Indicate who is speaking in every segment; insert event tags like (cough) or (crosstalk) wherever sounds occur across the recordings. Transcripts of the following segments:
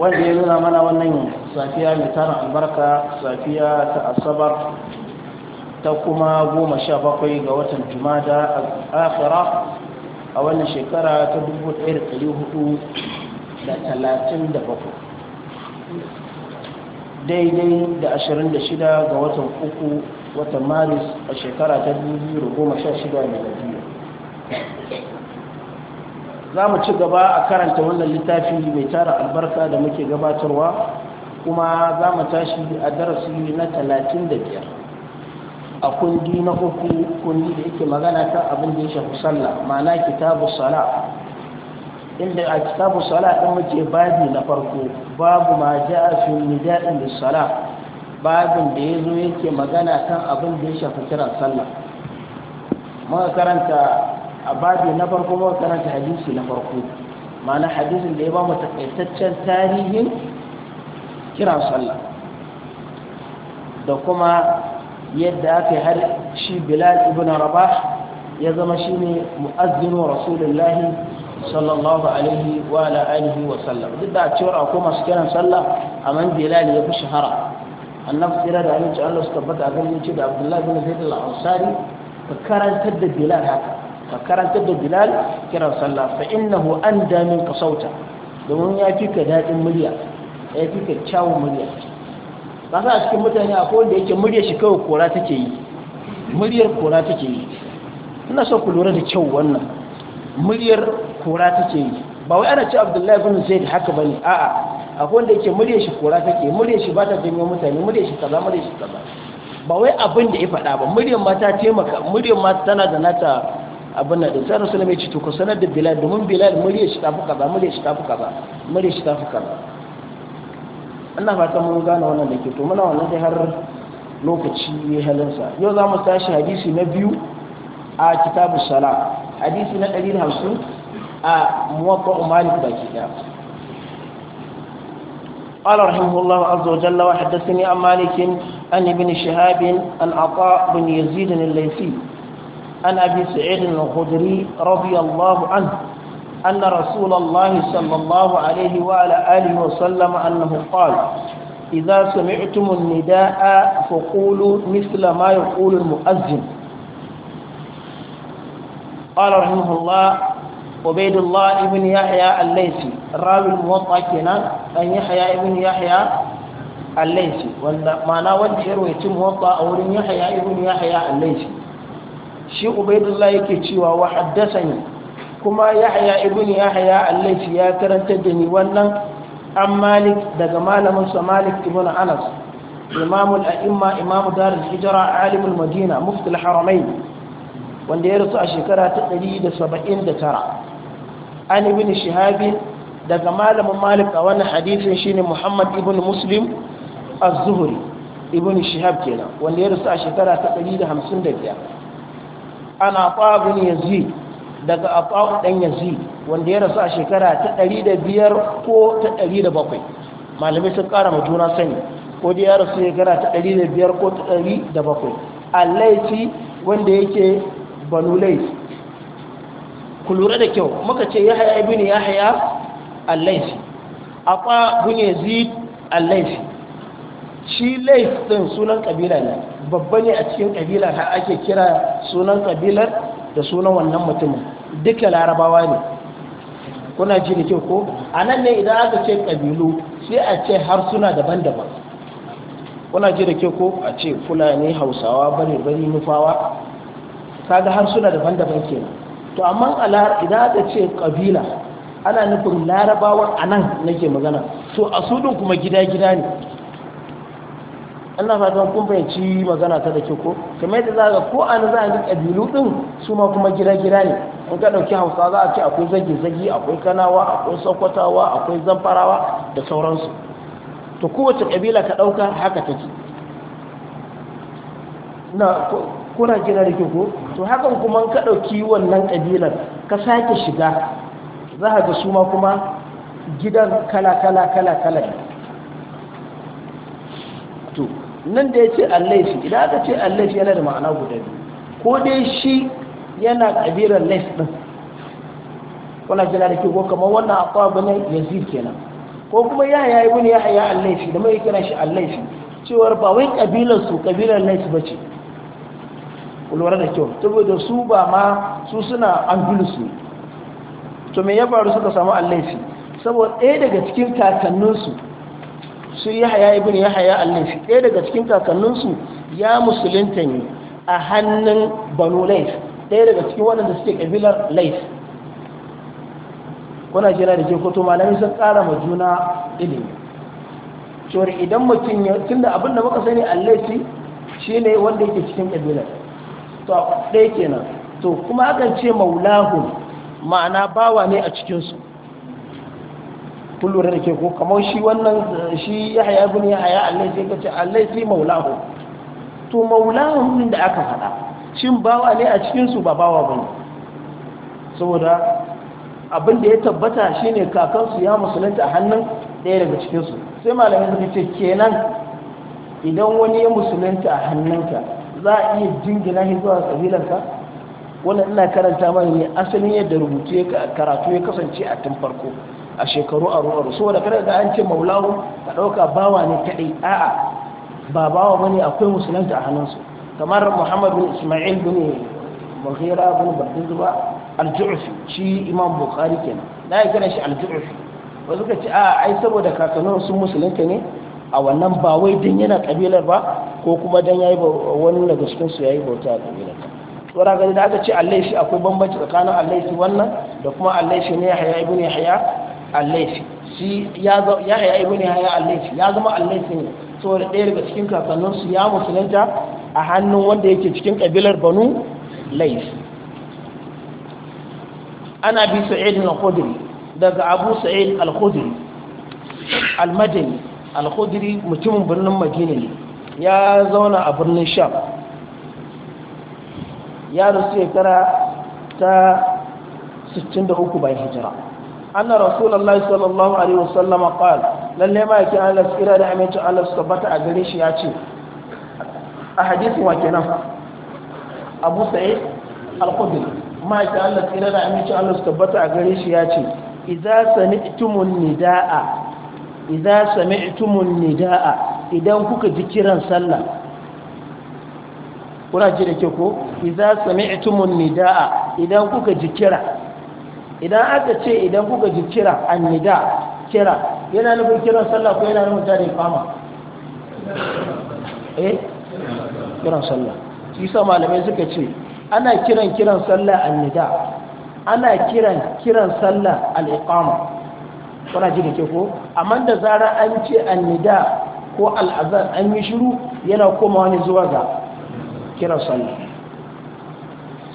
Speaker 1: wanda ya nuna mana wannan safiya mai tarin albarka safiya ta asabar ta kuma goma sha bakwai ga watan jumada akira a wannan shekara ta dubu ɗaya da ɗari hudu da talatin da bakwai daidai da ashirin da shida ga watan uku watan maris a shekara ta dubu goma sha shida da biyu za mu ci gaba a karanta wannan littafi mai tara albarka da muke gabatarwa kuma za mu tashi a darasi na talatin da biyar a kundi na uku kundi da yake magana kan abin da ya shafi sallah ma'ana kitabu sala inda a kitabu sala ɗin muke babi na farko babu ma ja a fi nida'in da sala babin da ya zo yake magana kan abin da ya shafi kiran sallah muka karanta a babi na farko ba karanta hadisi na farko ma'ana hadisin da ya ba mu takaitaccen tarihin kiran sallah da kuma yadda aka har shi bilal ibn rabah ya zama shi ne mu'azzinu rasulullahi sallallahu alaihi wa ala alihi wa sallam duk da cewar akwai masu kiran sallah amma bilal ya fi shahara annabi tsira da aminci Allah su tabbata a ganin ce da Abdullahi bin Zaid al-Ansari ka karantar da bilal haka ka karantar da bilal kiran sallah fa innahu an damin ka sauta domin ya fi ka daɗin murya ya fi ka kyawun murya ba sa a cikin mutane a kowanda yake murya shi kawai kora take yi muryar kora take yi ina so ku lura da kyau wannan muryar kora take yi ba wai ana ce abdullahi bin zaid haka bane a'a akwai wanda yake murya shi kora take yi, murya shi ba ta janyo mutane murya shi kaza murya shi kaza ba wai abin da ya faɗa ba muryar ma ta taimaka muryar ma tana da nata abin nan din sai rasul mai ce to ku sanar da bilal domin bilal murya shi tafi kaza murya shi tafi kaza murya shi tafi kaza ina fatan mun gane wannan da ke to muna wannan sai har lokaci ya halinsa yau za mu tashi hadisi na biyu a kitabu sala hadisi na 150 a muwaffa malik baki daya قال رحمه الله عز وجل وحدثني عن مالك عن ابن شهاب عن عطاء بن يزيد الليثي عن أبي سعيد الخدري رضي الله عنه أن رسول الله صلى الله عليه وعلى آله وسلم أنه قال إذا سمعتم النداء فقولوا مثل ما يقول المؤذن قال رحمه الله عبيد الله بن يحيى الليثي راوي الموطأ كنا أن يحيى بن يحيى الليثي وما ناول تم موطأ أو يحيى بن يحيى الليثي shi ubaidullah yake cewa wa haddasani kuma yahya ibn yahya allahi ya karanta da ni wannan an malik daga malamin sa malik ibn anas imam al-a'imma imamu dar al-hijra alim al-madina mufti al-haramain wanda ya rasu a shekara ta 179 an ibn shihab daga malamin malik a wannan hadisin shine muhammad ibn muslim az-zuhri ibn shihab kenan wanda ya rasu a shekara ta 155 ana fa'abin yanzu daga afa'u ɗan yanzu wanda ya rasu a shekara ta ɗari da biyar ko ta ɗari da bakwai, malamai sun ƙara ma juna sani ko da ya rasu shekara ta ɗari da biyar ko ta ɗari da 107 allaiti wanda yake banu ku lura da kyau muka ce ya haya yahya ibn yahya allaiti afa bin yazid allaiti shi lais ɗin sunan kabila ne babba ne a cikin ƙabila ta ake kira sunan kabilar da sunan wannan mutumin duka larabawa ne kuna ji da kyau ko a nan ne idan aka ce kabilu sai a ce harsuna daban-daban kuna ji da kyau ko a ce fulani hausawa bari-bari nufawa kaga harsuna daban-daban ke to amma idan aka ce kabila ana nufin larabawan a nan nake magana to a sudun kuma gida-gida ne Allah fatan kun fahimci magana ta da ke ko kamar yadda za ga ko an za a ga ƙabilu ɗin su ma kuma gida-gida ne in ka ɗauki hausa za a ce akwai zagi-zagi akwai kanawa akwai sokotawa akwai zamfarawa da sauransu to kowace ƙabila ka ɗauka haka take na kuna gina da ke to hakan kuma ka ɗauki wannan ƙabilar ka sake shiga za a ga su ma kuma gidan kala-kala kala-kala ne nan da ya ce allaisu idan aka ce allaisu yana da ma'ana guda biyu ko dai shi yana kabirar lais din wannan jira da ke ko kamar wannan akwa bane yazid kenan ko kuma ya yayi wani ya haya allaisu da mai kira shi allaisu cewar ba wai kabilar su kabilar lais ce, kulwara da kyau saboda su ba ma su suna angulusu to me ya faru suka samu allaisu saboda ɗaya daga cikin kakanninsu su yahaya ibn yahaya a layth ɗaya daga cikin kakanninsu ya musulunta ne a hannun banu laif ɗaya daga cikin waɗanda suke ƙabilar laif kuna jira da ke koto sun ƙara ma juna ilimi cewar idan mutum ya tunda abin da muka sani shi ne wanda yake cikin ƙabilar to ɗaya kenan to kuma akan ce maulahun ma'ana bawa ne a cikinsu kullu da ke ko kamar shi wannan shi ya haya bin ya haya allai sai ka allai sai maulahu to maulahu din da aka faɗa shin bawa ne a cikinsu ba bawa ba saboda abin da ya tabbata shine kakansu ya musulunta a hannun ɗaya daga cikinsu sai malamai suka ce kenan idan wani ya musulunta a hannunka za a iya jingina shi zuwa ka wannan ina karanta mana ne asalin yadda rubutu ya karatu ya kasance a tun farko a shekaru a so saboda kada da an ce maulahu ka ɗauka bawa ne kaɗai a'a ba bawa bane akwai musulunta a hannunsu kamar muhammad bin ismail bin mahira bin babban zuba jufi shi imam bukari kenan da ya kira shi al ba wasu ce a ai saboda kakannin sun musulunta ne a wannan ba wai dan yana kabilar ba ko kuma dan yayi wani daga cikinsu ya yi bauta a kabilar tsora gani da aka ce allai shi akwai bambanci tsakanin allai shi wannan da kuma allai shi ne yahya ibn haya al shi ya zama ya ya ya ya zama al ne so saboda ɗaya daga cikin kakanninsu ya musulunta a hannun wanda yake cikin ƙabilar banu laifi. ana bi sa'id al-khudri daga abu sa'id al-khudri al-madani al mutumin birnin madina ne ya zauna a birnin sham ya rasu shekara ta 63 bayan hijira anna rasulullahi sallallahu alaihi wasallam qala lalle ma yake Allah tsira da aminci Allah su tabbata a gare shi ya ce a hadisi wa kenan Abu Sa'id al-Khudri ma yake Allah tsira da aminci Allah su tabbata a gare shi ya ce idza sami'tumun nidaa idza sami'tumun nidaa idan kuka ji kiran sallah kuna ji da ke ko idza sami'tumun nidaa idan kuka ji kira idan aka ce idan kuka ji kira annida kira yana nufin kiran sallah ko yana nufin tare fama eh kiran sallah shi sa malamai suka ce ana kiran kiran sallah annida ana kiran kiran sallah al-iqama kuna ji da ke ko amma da zara an ce annida ko al'azan an yi shiru yana koma wani zuwa ga kiran sallah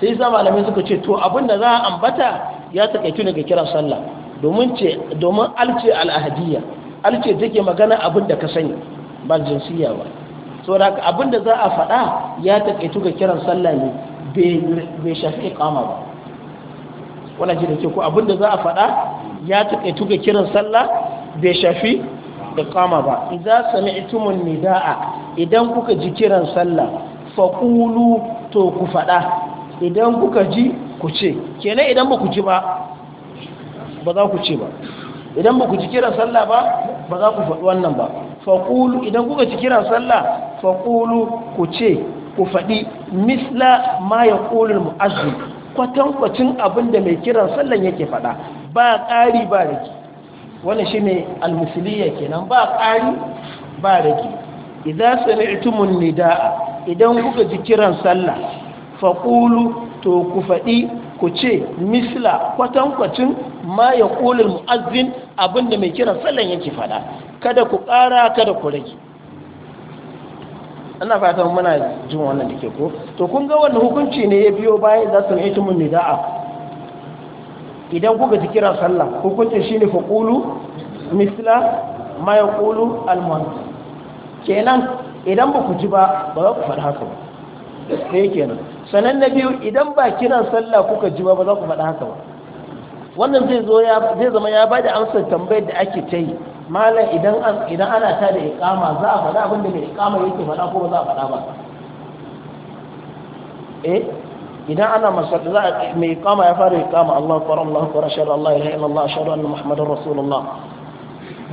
Speaker 1: sai sa malamai suka ce to abinda za a ambata ya takaitu ne ga kiran sallah domin ce domin alce al'ahadiyya alce take magana abin da ka sani ba jinsiya ba saboda abin da za a faɗa ya takaitu ga kiran sallah ne bai shafi iqama ba wani ji da ke ko abin da za a faɗa ya takaitu ga kiran sallah bai shafi iqama ba idza sami'tumun nidaa idan kuka ji kiran sallah faqulu to ku faɗa idan kuka ji ku ce kenan idan ba ku ji ba ba za ku ce ba idan ba ku ji kiran sallah ba ba za ku faɗi wannan ba faƙulu idan kuka ci kiran sallah faƙulu ku ce ku faɗi misla ma ya ƙulun mu'azzu kwatankwacin abin da mai kiran sallan yake faɗa ba ƙari ba rage wannan shi ne almusuliya kenan ba ƙari ba rage idan sami'tumun nida'a idan kuka ji kiran sallah faƙulu to ku faɗi ku ce misla kwatankwacin ma ya ƙulil mu'azzin abinda mai kiran sallan yake faɗa kada ku ƙara kada ku rage ana fatan muna jin wannan da ke ko to kun ga wannan hukunci ne ya biyo baya za su yi tumun mun nida'a idan kuka ji kiran sallah hukunci shi ne faƙulu misla ma ya ƙulu almu'azzin kenan idan ba ku ji ba ba za ku faɗi haka ba ɗaya kenan sannan na biyu idan ba kiran sallah kuka ji ba ba za ku faɗa haka ba wannan zai zo ya zai zama ya bada amsar tambayar da ake ta yi malam idan idan ana ta da iqama za a faɗa abin da mai iqama yake faɗa ko ba za a faɗa ba eh idan ana masallaci za a mai iqama ya fara iqama Allahu akbar Allahu akbar ashhadu an la ilaha illallah ashhadu anna muhammadar rasulullah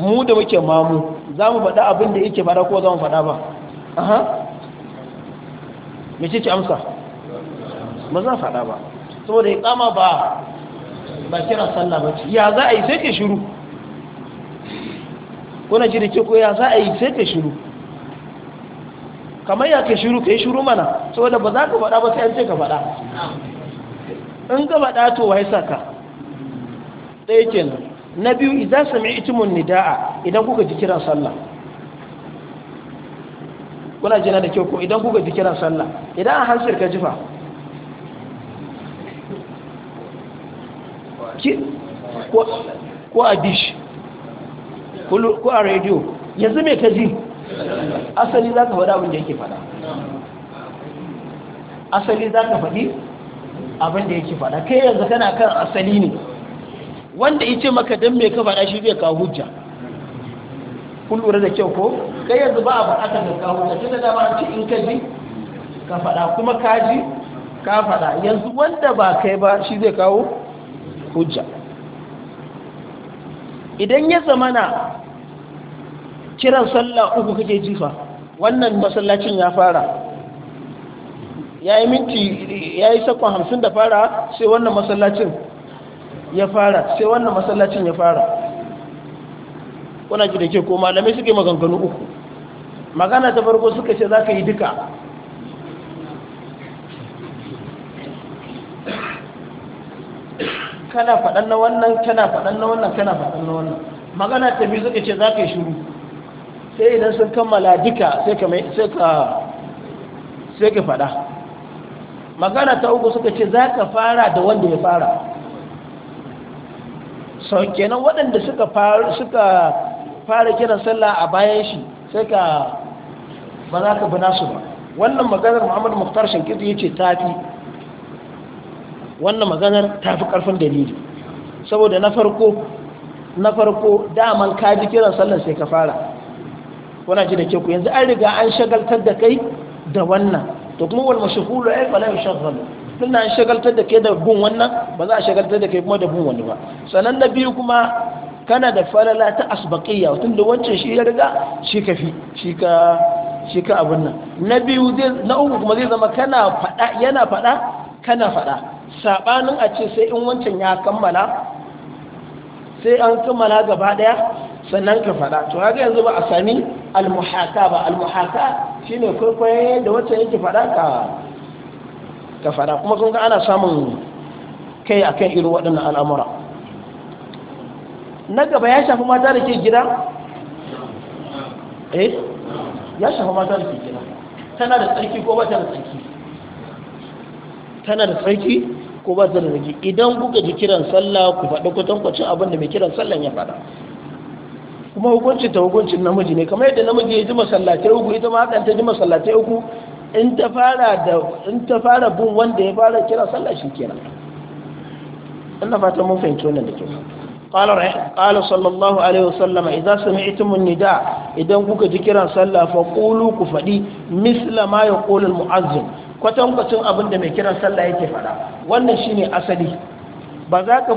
Speaker 1: mu da muke mamu za mu faɗa abin da yake faɗa ko za mu faɗa ba aha mace ce amsa ba za faɗa ba saboda ya kama ba ba kira sallah ba ce ya za a yi sai ka shiru kuna ji da ke ko ya za a yi sai ka shiru kamar ya ka shiru ka yi shiru mana saboda ba za ka faɗa ba sai an ce ka faɗa in ka faɗa to wai ka? ɗaya kenan na biyu idan sami itimun nida'a idan kuka ji kiran sallah kuna jina da kyau ko idan kuka ji kiran sallah idan a hansar ka jifa ko a dish ko a rediyo yanzu mai ka ji asali za ka faɗa abinda yake faɗa asali za ka faɗi abinda yake faɗa kai yanzu kana kan asali ne wanda ya ce maka don mai ka faɗa shi zai kawo hujja kun lura da kyau ko kai yanzu ba a buƙatar da kawo ta tunda dama a ce in ka ji ka faɗa kuma ka ji ka faɗa yanzu wanda ba kai ba shi zai kawo hujja idan ya zama na kiran sallah uku kake jifa wannan masallacin ya fara ya yi minti ya yi sakon hamsin da fara sai wannan masallacin ya fara sai wannan masallacin ya fara kuna ji da ke ko malamai suke maganganu uku magana ta farko suka ce za ka yi duka kana faɗan na wannan kana faɗan na wannan kana faɗan na wannan magana ta biyu suka ce za ka yi shuru sai idan sun kammala duka sai ka sai ka faɗa magana ta uku suka ce za ka fara da wanda ya fara sau kenan waɗanda suka fara kiran sallah a bayan shi sai ka ba za ka bi su ba wannan maganar muhammadu muktar shankiti ya ce ta fi wannan maganar ta fi ƙarfin dalili saboda na farko na farko daman ka ji kiran sallah sai ka fara wana ji da ke ku yanzu an riga an shagaltar da kai da wannan to kuma wal mashhulu ay fala yashghal tunda an shagaltar da kai da bin wannan ba za a shagaltar da kai kuma da bin wani ba sanan na biyu kuma kana da falala ta asbaqiyya tun da wancan shi ya riga shi ka shi ka shi ka abin nan na biyu zai na uku kuma zai zama kana fada yana fada kana fada sabanin a ce sai in wancan ya kammala sai an kammala gaba daya sannan ka fada to haka yanzu ba a sami almuhaka ba almuhaka shine kwaikwaye da wancan yake fada ka ka fada kuma kun ga ana samun kai akan irin waɗannan al'amura na gaba ya shafi mata da ke gida eh ya shafi mata da ke gida tana da tsarki ko ba ta da tsarki tana da tsarki ko ba ta da tsarki idan buga ji kiran sallah ku faɗi kwatankwacin abin da mai kiran sallah ya faɗa kuma hukuncin ta hukuncin namiji ne kamar yadda namiji ya ji masallatai uku ita ma hakan ta ji masallatai uku in ta fara da in ta fara bin wanda ya fara kira sallah shi kenan Allah fata mun fahimci wannan da kyau قال رحمه قال صلى الله عليه وسلم إذا سمعتم النداء إذا كنت ذكرا صلى فقولوا كفدي مثل ما يقول المؤذن da mai kiran sallah yake fada wannan shine asali ba za ka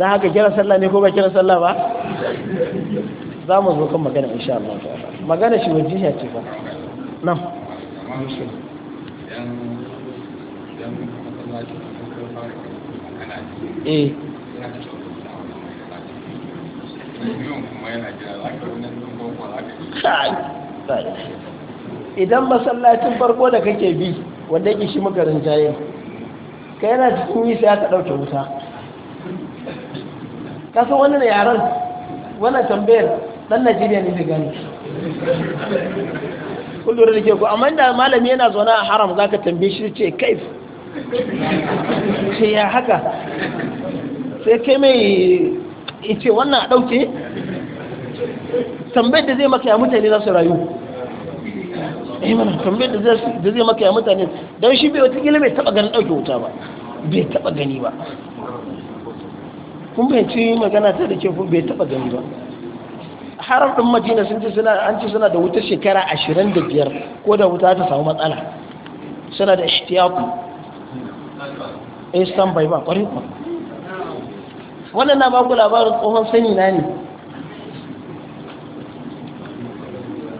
Speaker 1: da haka kiran sallah ne ko ba sallah ba za mu zo kan magana insha Allah ta'ala magana shi wajiha ce ba nan eh. idan masallacin farko da kake bi wanda yake shi magarin jaye ka yana cikin yi sai aka ɗauke wuta kasan wannan yaren wannan tambayar ɗan najeriya ne da gani kun da ke ku amma inda malami yana zaune a haram za ka tambaye shi ce kaif ce ya haka sai kai mai ce wannan a ɗauke tambayar da zai maka ya mutane za su rayu eh tambayar da zai maka ya mutane don shi bai watakila mai taɓa ganin ɗauke wuta ba bai taɓa gani ba kun bayanci magana ta da ke bai taɓa gani ba harar ɗin madina sun ce suna an ce suna da wuta shekara ashirin da biyar ko da wuta ta samu matsala suna da ishtiyaku eh bai ba kwarai ba wannan na baku labarin tsohon sani na ne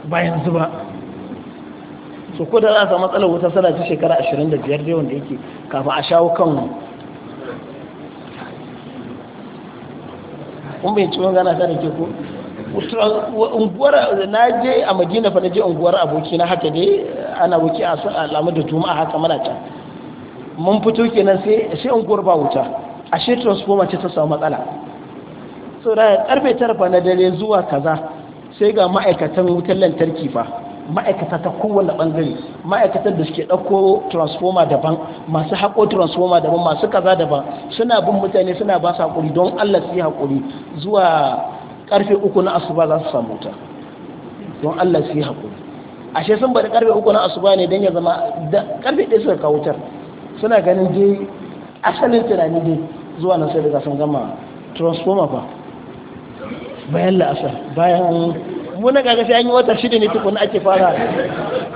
Speaker 1: ba yanzu ba so ko da za a samu matsalar wuta suna ta shekara ashirin da biyar dai wanda yake kafin a shawo kan kun bai ciwon gana ta da ke ko unguwar na je a madina fa na je unguwar aboki na haka dai ana wuki a alamu da juma'a haka mana can mun fito kenan sai sai unguwar ba wuta ashe transformer ce ta samu matsala so da karfe tara fa na dare zuwa kaza sai ga ma'aikatan wutar lantarki fa ma'aikata ta kowane bangare ma'aikatan da suke ɗauko transformer daban masu haƙo transformer daban masu kaza daban suna bin mutane suna ba su haƙuri don allah su yi haƙuri zuwa karfe uku na asuba za su samu ta don Allah su yi haƙuri ashe sun bari karfe uku na asuba ne don ya zama karfe ɗaya suka kawo suna ganin je asalin tunani ne zuwa na sai daga sun gama transformer ba bayan la'asar bayan muna gaga sai an yi wata shida ne tukuna ake fara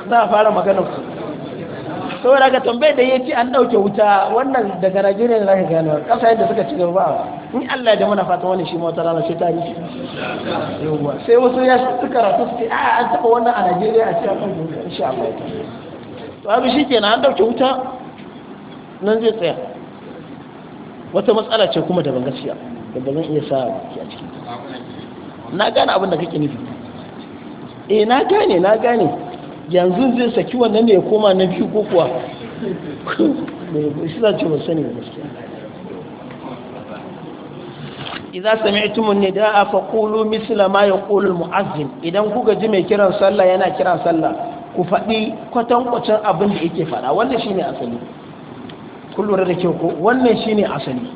Speaker 1: za a fara maganar saboda ka tambaye da yace an dauke wuta wannan daga Najeriya zaka gano kasa yadda suka ci gaba ba in Allah ya muna fata wannan shi mota wata rana sai tarihi sai wasu ya suka karatu su ce a an taba wannan a Najeriya a cikin kan insha Allah to abi shikenan an dauke wuta nan zai tsaya wata matsala ce kuma daban gaskiya da ba zan iya sa ki a ciki na gane abin da kake nufi eh na gane na gane yanzu zai saki wannan ne ya koma na biyu ko kuwa shi za ce ba sani gaskiya sami'tum an-nidaa faqulu misla ma yaqulu al-mu'azzin idan kuka ji mai kiran sallah yana kira sallah ku faɗi kwatankwacin abin da yake faɗa wannan shine asali kullum da kyau ko wannan shine asali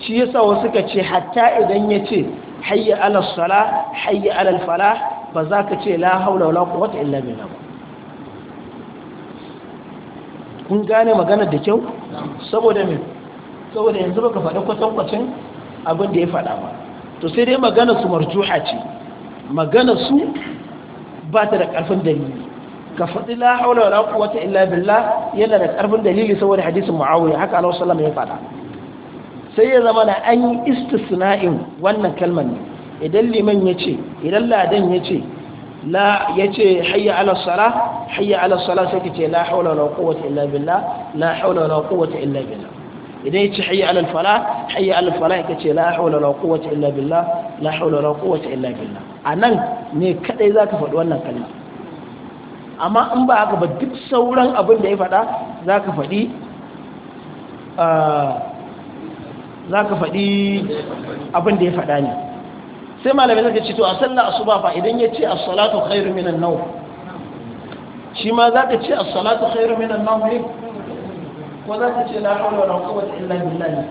Speaker 1: shi yasa wasu ka ce hatta idan ya ce hayya ala sala hayya ala fala ba za ka ce la haula wala quwwata illa billah kun gane magana da kyau saboda mai saboda yanzu baka faɗa kwatankwacin abin da ya faɗa ba to sai dai magana su marjuha ce magana su ba ta da ƙarfin dalili ka faɗi la haula wala quwwata illa billah yana da ƙarfin dalili saboda hadisin muawiya haka Allah sallallahu ya faɗa sai ya zama na an yi istisna'in wannan kalmar ne idan liman ya ce idan ladan ya ce la ce hayya ala sala hayya ala sai sai ce la haula wala quwwata illa billah la haula wala quwwata illa billah idan ya ce hayya ala fala hayya ala ya ce la haula wala quwwata illa billah la haula wala quwwata illa billah nan ne kadai za ka faɗi wannan kalma amma in ba haka ba duk sauran abin da ya faɗa za faɗi ah, faɗi abin da ya faɗa ne sai malamai suka ce to a sallar asuba fa idan ya ce as-salatu khairu minan nawm shi ma za ka ce as-salatu khairu minan nawm ne ko za ka ce la hawla wala quwwata illa billah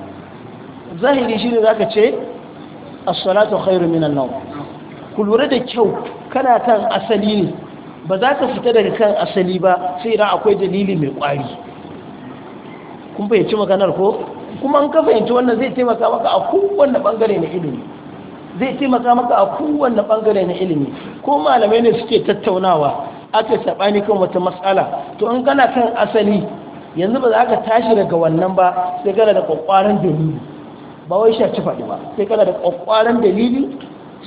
Speaker 1: zahiri shi za ka ce as-salatu khairu minan nawm ku lura da kyau kana kan asali ne ba za ka fita daga kan asali ba sai idan akwai dalili mai kwari kun fahimci maganar ko kuma an ka fahimci wannan zai taimaka maka a kowanne bangare na ilimi zai taimaka maka a kowane bangare na ilimi ko malamai ne suke tattaunawa aka sabani kan wata matsala to in kana kan asali yanzu ba za ka tashi daga wannan ba sai kana da kwakwaran dalili ba wai ci faɗi ba sai kana da kwakwaran dalili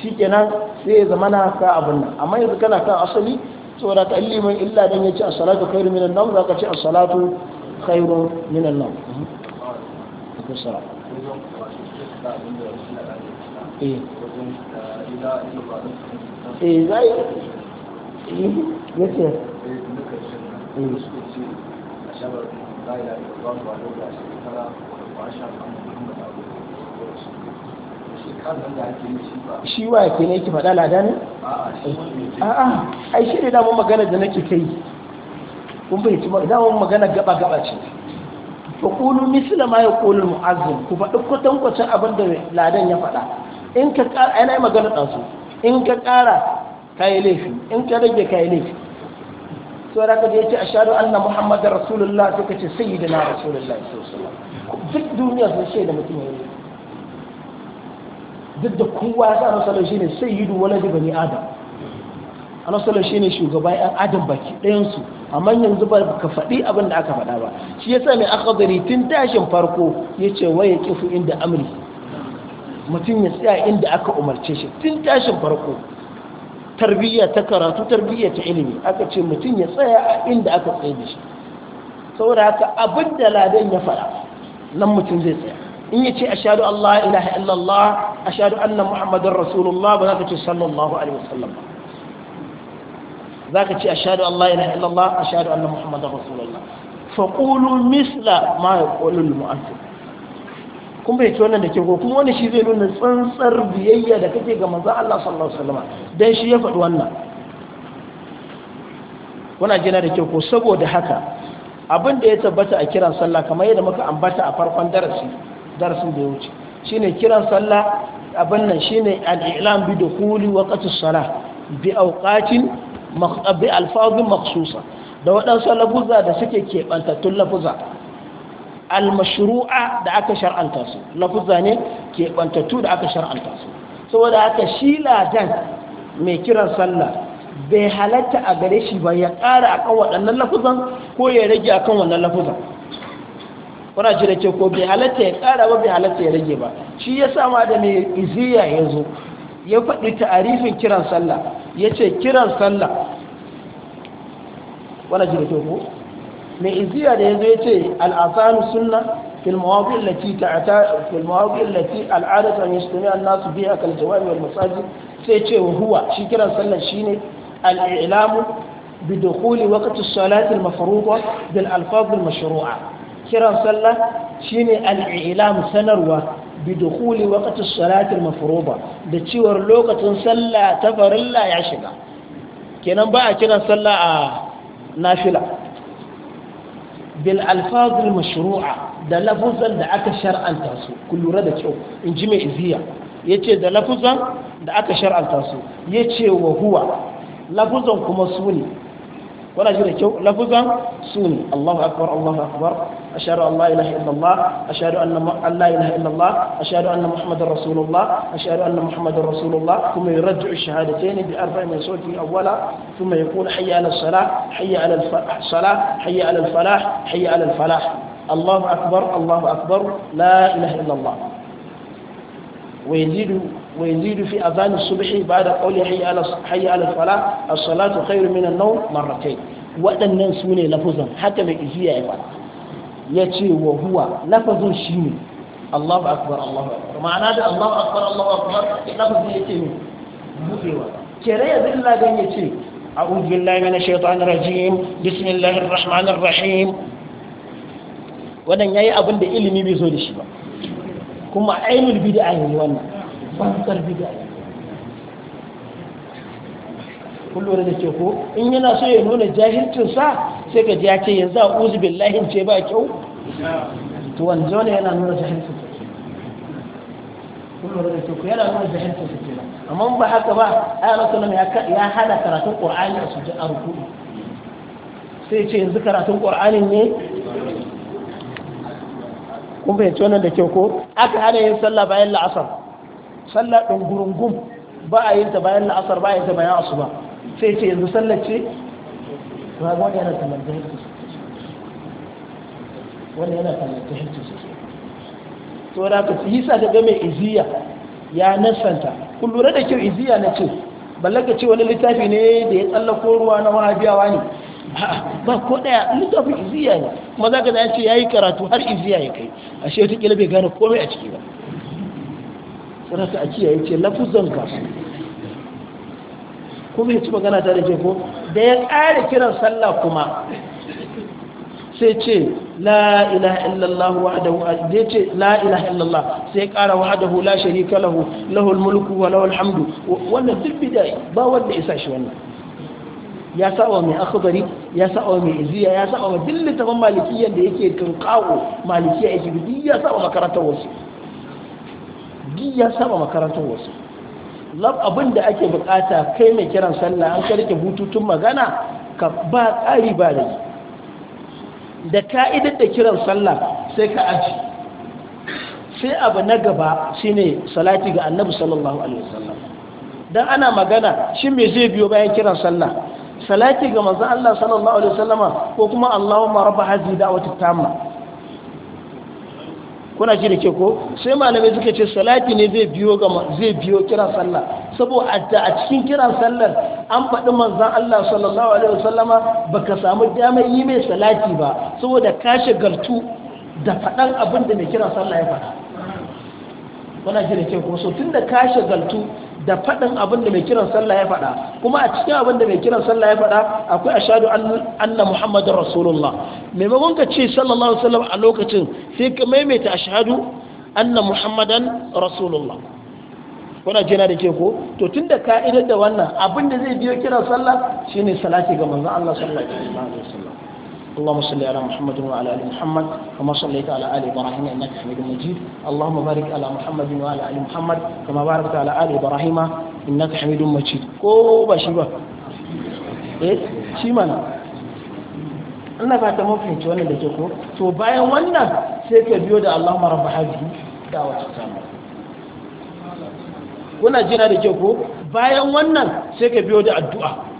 Speaker 1: shi kenan sai ya zama na ka abin nan amma yanzu kana kan asali saboda ka illima illa dan ya ci salatu kairu minan nan za ka ci salatu khairu minan nan
Speaker 2: alaikum eh za yi ya eh, ce eh. shi wa ke ne
Speaker 1: ki faɗa lada ne? a'a ai shi ne damar magana da nake kai kun bai ci damar magana gaba-gaba ce fa ƙulu misila ma ya ƙulun mu'azzin ku faɗi kwatankwacin abin da ladan ya faɗa in ka ƙara yana magana ɗansu in ka ƙara yi laifi in ka rage yi laifi sau da ka je ce a shaɗu anna muhammadu rasulullah sai ka ce sai da na rasulullah duk duniya sun ce da mutum yi duk da kowa ya sa sai shine sayyidu da bani adam shi shine shugaban yan adam baki ɗayansu a yanzu ba ka faɗi abin da aka faɗa ba shi ya yasa mai akadari tun tashin farko ya ce waye kifu inda amri mutum ya tsaya inda aka umarce shi tun tashin farko tarbiyya ta karatu tarbiyya ta ilimi aka ce mutum ya tsaya inda aka tsaye da shi saboda haka abin da ladan ya faɗa nan mutum zai tsaya in ya ce ashadu Allah ilaha illallah ashadu anna muhammadin rasulullah ba za ka ce sallallahu alaihi wasallam za ka ce ashadu Allah ilaha illallah ashadu anna muhammadin rasulullah faqulu misla ma yaqulu al-mu'azzin kun bai ci wannan da ke ko kuma wani shi zai nuna tsantsar biyayya da kake ga manzon Allah sallallahu alaihi wasallam dan shi ya faɗi wannan wannan jina da ke ko saboda haka abin da ya tabbata a kiran sallah kamar yadda muka ambata a farkon darasi darasin da ya wuce shine kiran sallah abin nan shine al-i'lam bi dukhuli waqti as-salah bi awqatin bi alfazin makhsusa da wadansu lafuza da suke keɓantattun lafuza almashru'a da aka shar'anta su lafuzza ne ke bantattu da aka shar'anta su saboda haka shi ladan mai kiran sallah bai halatta a gare shi ba ya ƙara a kan waɗannan lafuzan ko ya rage a kan wannan lafuzan wana ce da ke ko bai halatta ya ƙara ba bai halatta ya rage ba shi ya sama da mai iziya ya zo ya faɗi ta'arifin kiran sallah ya ce kiran sallah wana ce da ke ko mai iziya da ya zai ce al'asanu sunna fil mawaƙi lati ta'ata fil mawaƙi lati al'adatu nasu biya kal jawabi wal masajid sai ce wa huwa shi kiran sallar shi ne ilamu bi dukhuli waqti as-salati bil kiran sallah shine ne ilam sanarwa bi dukhuli waqti as-salati da ciwar lokacin sallah ta farilla ya shiga kenan ba a kiran sallah a nafila Bin alfazul mashru'a da lafuzan da aka shar'anta su ku lura da kyau in ji mai iziya yace da lafuzan da aka shar'anta su yace wa huwa lafuzan kuma su ne wala da kyau lafuzan su ne Allahu akbar Allahu akbar أشهد أن لا إله إلا الله أشهد أن لا إله إلا الله أشهد أن محمد رسول الله أشهد أن محمد رسول الله ثم يرجع الشهادتين بأربع من صوته أولا ثم يقول حي على الصلاة حي على الصلاة حي على الفلاح حي على الفلاح الله أكبر الله أكبر لا إله إلا الله ويزيد ويزيد في أذان الصبح بعد قول حي على حي على الفلاح الصلاة خير من النوم مرتين وأن الناس من لفظا حتى بإجياء فلاح ya ce wa huwa lafazin shi ne Allahu akbar Allahu akbar ma'ana da Allahu akbar Allahu akbar lafazin ya ce ne buɗewa kere ya zilla don ya ce أعوذ بالله من الشيطان الرجيم بسم الله الرحمن الرحيم wannan yayi abin da ilimi bai zo da shi ba kuma ainul bid'a ne wannan fankar bid'a ne kullum da ke ko in yana so ya nuna jahilcinsa sai ka ya ce yanzu a uzu billahin ce ba kyau to wanzu wani yana nuna jahilcinsa kullum da ke ko yana nuna jahilcinsa ke amma ba haka ba a yana ya hada karatun ƙur'ani a suje a rukuni sai ce yanzu karatun ƙor'ani ne kun fahimci wannan da ke ko aka hada yin sallah bayan la'asar sallah ɗungurungun ba a yin ta bayan la'asar ba a yin ta bayan ba. sai ce yanzu sallar ce to ga wanda yana sallar da hirci wanda yana sallar da hirci to da ka yi sa daga mai iziya ya nasanta kun lura da kyau iziya na ce ballaka ce wani littafi ne da ya tsallako ruwa na wahabiyawa ne ba ko daya littafin iziya ne kuma za ka zai ce ya yi karatu har iziya ya kai a shi kila bai gane komai a ciki ba sarata a kiyaye ce lafuzan kasu ko bai ci magana ta da ke da ya ƙari kiran sallah kuma sai ce la ilaha illallah ce la ilaha illallah sai ƙara wahdahu la sharika lahu lahul mulku wa lahul hamdu wannan duk bidai ba wanda isa shi wannan ya sa'awa mai akhbari ya sa'awa mai iziya ya sa'awa duk littafin malikiyar da yake tunkawo malikiyya yake ya sa'awa makarantar wasu ya sawa makarantar wasu abin da ake bukata kai mai kiran sallah an karke bututun magana ka ba tsari ba da da ka'idar da kiran sallah sai ka aji sai abu na gaba shi ne salati ga annabi sallallahu alaihi wasallam dan ana magana shi me zai biyo bayan kiran sallah salati ga manzon Allah sallallahu alaihi wasallama ko kuma Allahumma rabb hadhihi da'wati tamma kuna ji da ke ko sai malamai suka ce salati ne zai biyo ga zai biyo kiran sallah saboda a cikin kiran sallar an faɗi manzon Allah sallallahu alaihi wasallama baka samu damar yi mai salati ba saboda ka shagaltu da faɗan abin da mai kiran sallah ya faɗa kuna ji da ke ko so tunda ka shagaltu da faɗin abin da mai kiran sallah ya faɗa kuma a cikin abin da mai kiran sallah ya faɗa akwai ashadu anna muhammadin rasulullah maimakon ka ce sallallahu alaihi wasallam a lokacin sai ka maimaita ashadu anna muhammadan rasulullah kuna jina da ke ko to tunda da ka'idar da wannan abin da zai biyo kiran sallah shine salati ga manzon Allah sallallahu alaihi wasallam اللهم صل على محمد وعلى ال محمد كما صليت على ال ابراهيم انك حميد مجيد اللهم بارك على محمد وعلى ال محمد كما باركت على ال ابراهيم انك حميد مجيد ko ba shi ba eh, shi mana ina ta mun fahimci wannan da ke ko to bayan wannan sai ka biyo da Allahumma rabb hadhihi da'wat tamma kuna jira da ke ko bayan wannan sai ka biyo da addu'a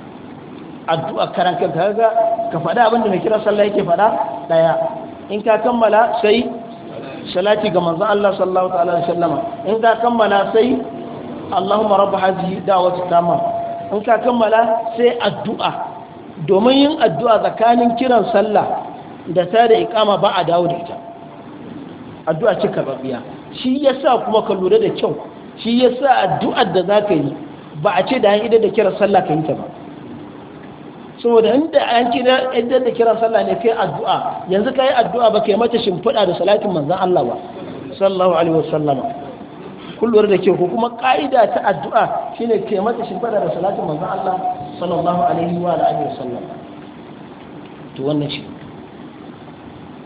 Speaker 1: addu'a karan kanka kaga ka faɗa abinda mai kira sallah yake faɗa ɗaya in ka kammala sai salati ga manzon Allah sallallahu ta'ala alaihi wasallama in ka kammala sai Allahumma rabb hadhihi da'wati tamam in ka kammala sai addu'a domin yin addu'a tsakanin kiran sallah da ta da iqama ba a dawo da ita addu'a ce karbabiya shi yasa kuma ka lura da kyau shi yasa addu'ar da zaka yi ba a ce da hanyar da kiran sallah ka yi ta ba saboda inda an kira idan da kiran sallah ne kai addu'a yanzu kai addu'a ba kai mata shimfiɗa da salatin manzon Allah ba sallallahu alaihi wasallam kullur da ke ko kuma ka'ida ta addu'a shine kai mata shimfiɗa da salatin manzon Allah sallallahu alaihi wa alihi wasallam to wannan shi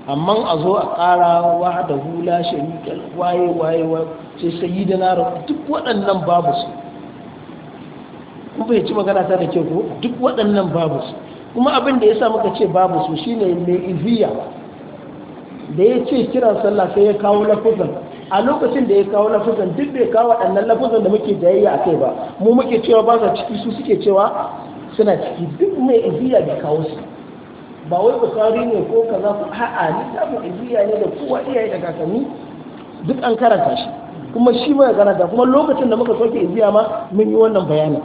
Speaker 1: amma a zo a ƙara wahdahu la sharika waye waye sai sayyidina duk waɗannan babu su fahimci magana ta da kyau duk waɗannan babu su kuma abin da ya sa muka ce babu su shine mai iziya da ya ce kiran sallah sai ya kawo lafuzan a lokacin da ya kawo lafuzan duk ya kawo waɗannan lafuzan da muke jayayya a kai ba mu muke cewa ba sa ciki su suke cewa suna ciki duk mai iziya bai kawo su ba wai sauri ne ko kaza ku ta littafin iziya ne da kowa iyaye da kakanni duk an karanta shi kuma shi mai karanta kuma lokacin da muka soke iziya ma mun yi wannan bayanin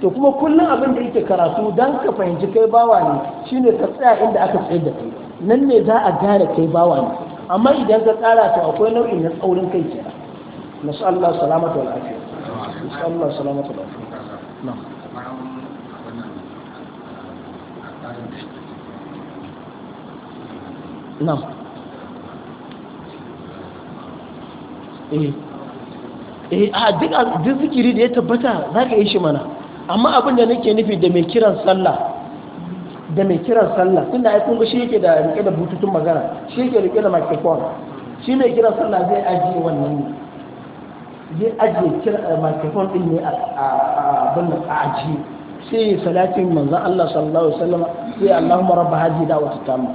Speaker 1: to kuma kullum abin da yake karatu dan ka fahimci kai bawa ne shine ka tsaya inda aka tsaye da kai nan ne za a gane kai bawa ne amma idan ka tsara to akwai nau'in na tsaurin kai na su Allah salamatu wal Na su Allah salamatu wal afiya na'am na'am eh eh a duk zikiri da ya tabbata za ka yi shi mana amma abin da nake nufi da mai kiran sallah da mai kiran sallah tun da kun shi yake da rike da bututun magana shi yake rike da microphone shi mai kiran sallah zai ajiye wannan ne zai ajiye kiran eh, microphone din ne a abin a ajiye sai salatin manzan Allah sallallahu alaihi wasallam sai Allahumma rabb hadhihi wata tamma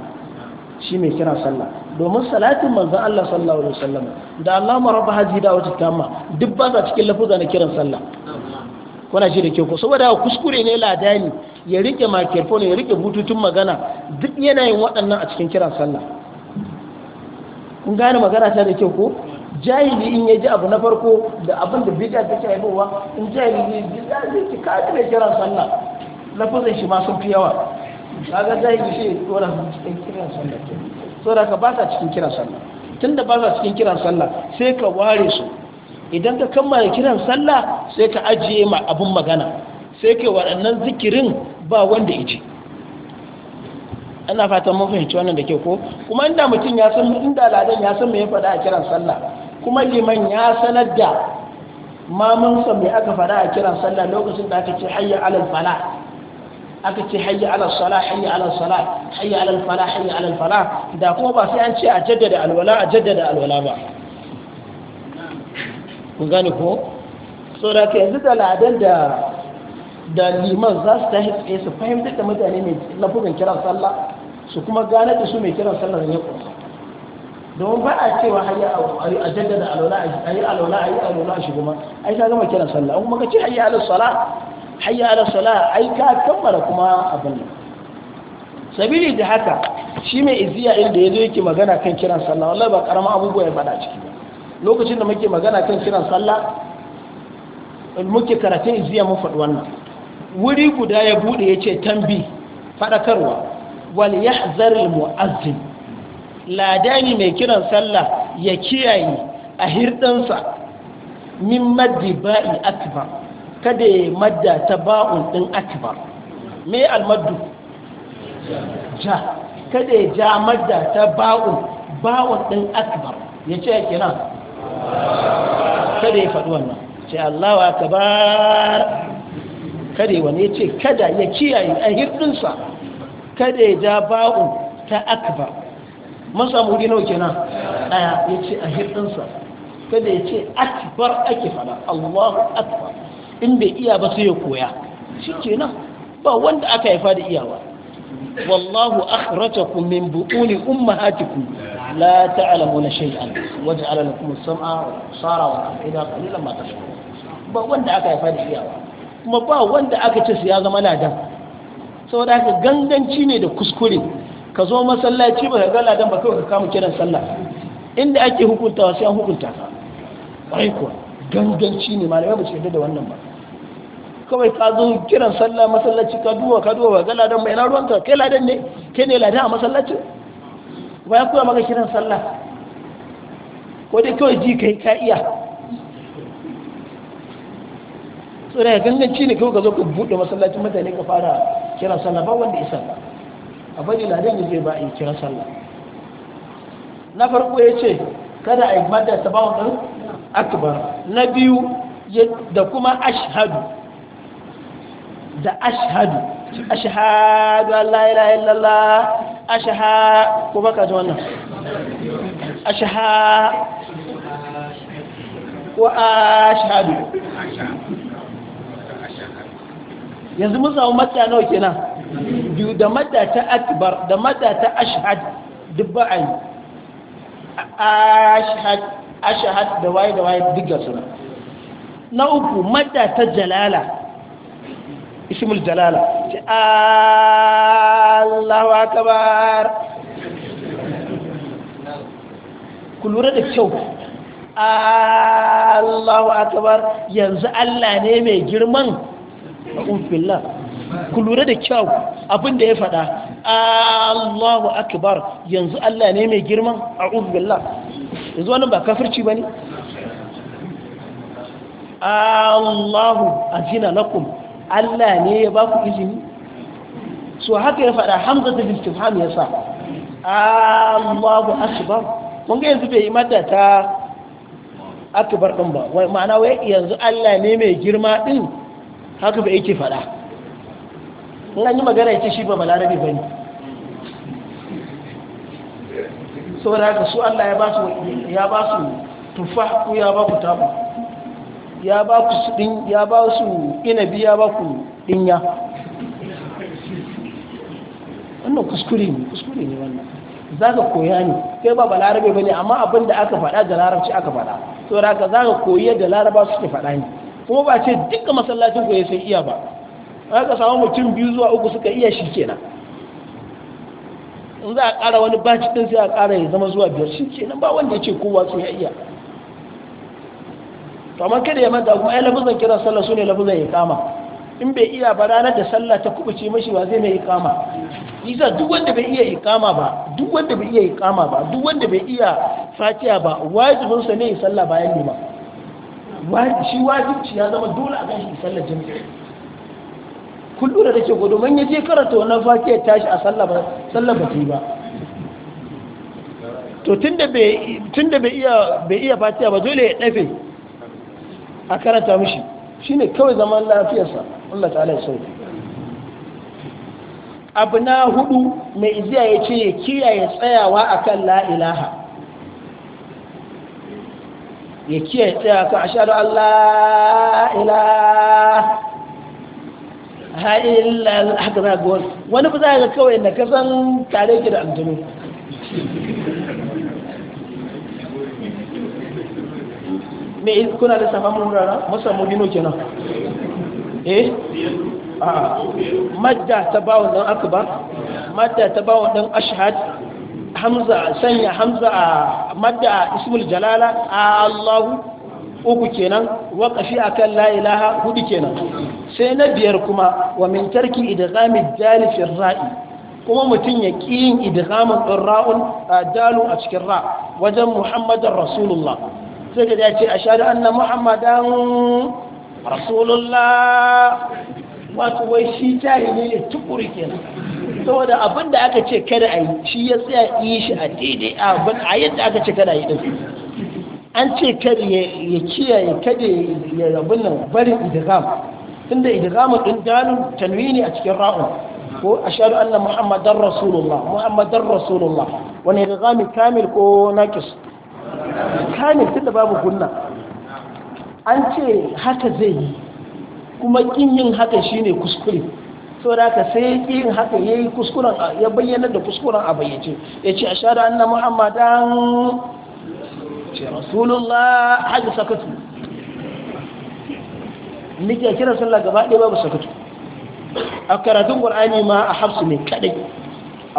Speaker 1: shi mai kiran sallah domin salatin manzan Allah sallallahu alaihi wasallam da Allahumma rabb hadhihi wata tamma duk ba sa cikin lafuza na kiran sallah wana shi da ke ku saboda kuskure ne ladani ya rike microphone ya rike bututun magana duk yanayin waɗannan a cikin kiran sallah kun gane magana ta da ke ku jahili in ya ji abu na farko da abin da bid'a take haifowa in jahili ya ji zai ki kaɗi da kiran sallah lafazin shi ma sun fi yawa kaga jahili shi ya tsora cikin kiran sallah saboda ka ba sa cikin kiran sallah tunda ba sa cikin kiran sallah sai ka ware su idan ka kammala kiran sallah sai ka ajiye ma abin magana sai ke waɗannan zikirin ba wanda ya ji ana fatan mun fahimci wannan da ke ko kuma inda mutum ya san inda ladan ya san me ya faɗa a kiran sallah kuma liman ya sanar da mamansa me aka faɗa a kiran sallah lokacin da aka ce hayya alal falah aka ce hayya ala sala hayya ala sala hayya ala fala hayya ala fala da kuma ba sai an ce a jaddada alwala a jaddada alwala ba kun gane ko so da ka yanzu da ladan da da liman za su tashi tsaye su fahimtar da mutane mai lafukan kiran sallah su kuma gane da su mai kiran sallah ne kusa domin ba a cewa hayi a jaddada alwala a yi alwala a yi alwala a shi kuma ai ka gama kiran sallah kuma ka ce hayi ala sala hayi ala sala ai ka kammala kuma abin nan sabili da haka shi mai iziya inda ya zo yake magana kan kiran sallah wallahi ba karama abubuwa ya bada ciki ba lokacin da muke magana kan kiran sallah muke karatun iziya mu faɗi wannan wuri guda ya buɗe ya ce tambi faɗakarwa wal yahzar mu'azzin ladani mai kiran sallah ya kiyaye a hirɗinsa min maddi ba'i akbar kada ya madda ta ba'un ɗin akbar me almaddu ja kada ya ja madda ta ba'un ba'un ɗin akbar ya ce kenan kada ya faɗi wannan ce Allahu ba kada wani ya ce kada ya kiyaye a hirɗinsa kada ya ja ba'u ta akbar masa muri nawa kenan ɗaya ya ce a hirɗinsa kada ya ce akbar ake faɗa Allahu akbar in bai iya ba sai ya koya shi nan, ba wanda aka haifa da iyawa wallahu akhrajakum min bu'uni ummahatikum la ta'lamuna shay'an waj'ala lakum as-sam'a sara wa al-afida qalilan ma tashkurun ba wanda aka haifa da iyawa kuma ba wanda aka ce su ya zama ladan saboda haka ganganci ne da kuskure ka zo masallaci ba ka ga ladan ba kawai ka kama kiran sallah inda ake hukuntawa sai an hukunta ka ƙwarai kuwa ganganci ne malamai ba su yarda da wannan ba kawai ka zo kiran sallah masallaci ka duwa ka duwa ba ga ladan ba ina ruwanka kai ladan ne kai ne ladan a masallacin ba ya koya maka kiran sallah ko dai kawai ji kai ka iya so da ganganci ne kawai ka zo ka buɗe masallacin mutane ka fara kiran sallah ba wanda ya sallah a bari ladan ya zai ba a yi kiran sallah na farko ya ce kada a yi madda ta bawon ɗan akbar na biyu da kuma ashadu da ashadu ashadu Allah la ilaha illallah ashaha ko baka ji wannan ashaha ko ashadu yanzu mun samu matta nawa kenan biyu da matta ta akbar da matta ta ashhad a ashahad da waye da waye duk suna na uku matta ta jalala ismul jalala ce Allahu akbar ku lura da kyau Allahu akbar yanzu Allah ne mai girman ƙunfilla ku lura da kyau abin da ya faɗa Allahu akbar yanzu Allah ne mai girman ƙunfilla yanzu wannan ba kafirci ne Allahu azina kuma Allah ne ya ba ku izini so haka ya faɗa hamza da istifham ya sa Allahu akbar Mun ga yanzu bai yi mata ta akbar din ba wai ma'ana wai yanzu Allah ne mai girma din haka bai yake faɗa in an yi magana yake shi ba malarabi bane saboda haka su Allah ya ba su ya ba su tufa ko ya ba ku tabu ya ba ku su ya ba su inabi ya ba ku dinya
Speaker 2: wannan kuskure
Speaker 1: ne kuskure ne wannan ka koya ne kai ba balarabe ba ne amma abin da aka faɗa da larabci aka faɗa to raka ka koyi yadda laraba suke faɗa ne kuma ba ce dukkan masallacin ku sai iya ba aka samu mutum biyu zuwa uku suka iya shi kenan in za a ƙara wani baci ɗin sai a ƙara ya zama zuwa biyar shi kenan ba wanda ya ce kowa sai ya iya to amma kada ya manta kuma ai lafazan kira sallah sune lafazan iqama in bai iya ba ranar da sallah ta kubuce mashi wa zai mai iqama isa duk wanda bai iya iqama ba duk wanda bai iya iqama ba duk wanda bai iya fatiha ba wajibin sa ne sallah bayan liman wajibi shi wajibi ya zama dole a gashi sallar jami'a kullu da take godo man yaje karanta wannan fatiha tashi a sallah ba sallah ba ba to tunda bai tunda bai iya bai iya fatiha ba dole ya dafe a karanta mishi ne kawai zaman lafiyarsa Allah ta ya sauke abu na hudu mai iziya ya ce ya kiyaye tsayawa akan kan la'ilaha ya kiyaye tsayawa kan ashadu Allah ilaha ha'ilal wani ku ba za ga kawai na kasan tare ki da aljanu me eh, kuna da safa mun rana musa mudino kenan eh ah. madda ta dan akbar dan ashhad hamza sanya hamza a madda ismul jalala allah uku kenan wa kafi akan la ilaha hudu kenan sai na biyar kuma wa min tarki idghamid dal ra'i kuma mutum ya ƙi yin idghamin ɗin ra'un a dalu a cikin ra wajen muhammadin rasulullah sai ka dace a shaɗu an na muhammadan rasulullah wato wai shi jahili ne tukuri kenan saboda abin da aka ce kada a yi shi ya tsaya yi shi a daidai abin a yadda aka ce kada a yi ɗin an ce kada ya kiyaye kada ya abin nan barin idigam tunda idigamu ɗin dalin tanwini a cikin ra'un ko a shaɗu an na muhammadan rasulullah muhammadan rasulullah wani idigami kamil ko nakis kane tun da babu kunna? an ce haka zai yi kuma kin yin haka shine kuskure saboda haka sai kin yin haka ya yi kuskuren ya bayyana da kuskuren a bayyace ya ce a shara annan muhammadan ce rasulullah haji sakatu nike kira sallah gaba ɗaya babu sakatu a karatun ƙwar'ani ma a hafsu ne kaɗai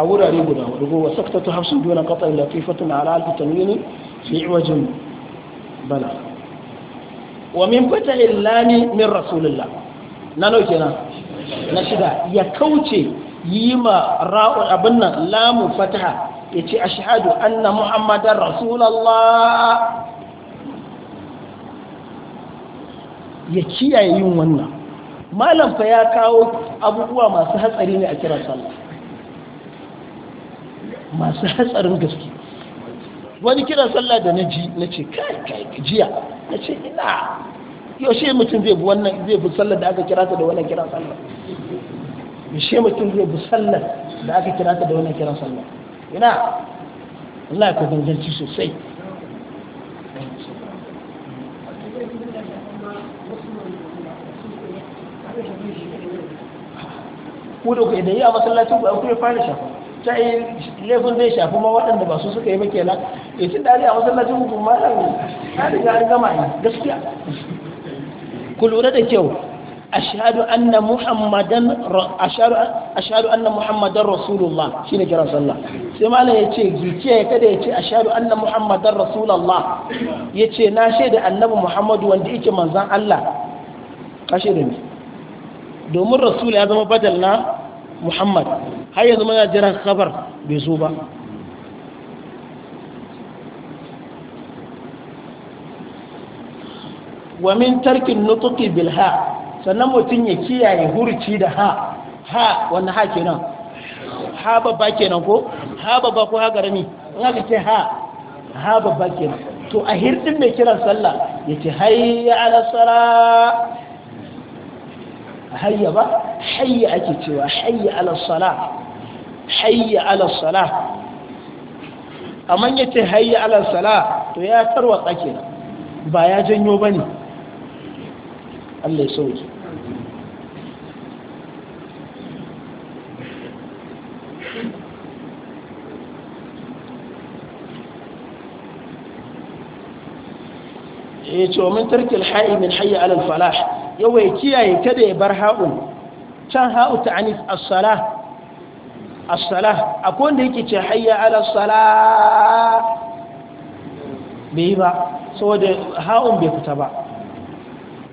Speaker 1: a wurare guda wadda gowa sakatatu hafsu biyu na ƙasa da fifatun ala ta yini wa min fata illami min rasulullah na nau kenan na shida ya kauce yi ma ra'un abin nan lamu fataha ya ce a shahadu muhammadan ya kiyaye yin wannan malam fa ya kawo abubuwa masu hatsari ne a kira sallah masu hatsarin gaske wani kiran sallah da na ji na ce kai kai jiya na ce ina yaushe mutum zai bi wannan zai bi sallar da aka kira ta da wannan kiran sallah yaushe mutum zai bi sallar da aka kira ta da wannan kiran sallah ina Allah ya kafin zanci sosai
Speaker 2: ko da ku idan yi a masallacin
Speaker 1: ku an fara shafa ta yi laifin zai shafi ma waɗanda ba su suka yi ba kenan ya ci dariya a masallacin hukun malam ya riga an gama yi gaskiya ku lura da kyau ashhadu anna muhammadan ashhadu anna muhammadan rasulullah shine kiran sallah sai malam ya ce gice kada ya ce ashhadu anna muhammadan rasulullah ya ce na shaida annabi muhammadu wanda yake manzan Allah ka shaida ne domin rasul ya zama badal na muhammad har yanzu mana jiran khabar bai zo ba wa min tarkin nutuki bil ha sannan mutum ya kiyaye hurci da ha ha wanda ha kenan ha babba kenan ko ha babba ko ha garami in aka ce ha ha babba kenan to a hirdin mai kiran sallah ya ce hayya ala sala hayya ba hayya ake cewa hayya ala sala حي على الصلاة يتي حي على الصلاة تويا كروة أكيرا بايا جنيو بني الله يسوي ايه من ترك الحي من حي على الفلاح يوه كيا يكدي برهاؤن كان هاؤ تعني الصلاة as-salah akwai wanda yake ce hayya ala salah bai ba saboda ha'un bai fita ba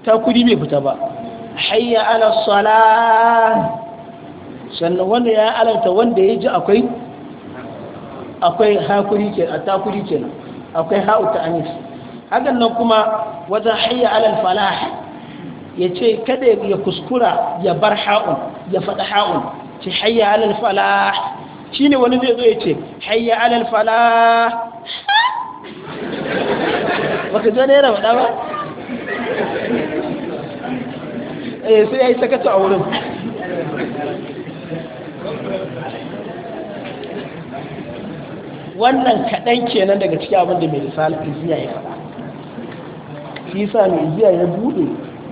Speaker 1: ta bai fita ba hayya ala sannan wanda ya alanta wanda ya ji akwai akwai hakuri a takuri kenan akwai ha'u ta anis hakan nan kuma wajen hayya ala falah ya ce kada ya kuskura ya bar ha'un ya faɗi ha'un ce hayya alal falah ne wani zai zo ya ce hayya alal falah
Speaker 2: baka zo ne yana faɗa ba
Speaker 1: eh sai ya yi sakata a wurin
Speaker 2: wannan kaɗan
Speaker 1: kenan daga cikin abin da mai risala iziya ya faɗa shi sa mai iziya ya buɗe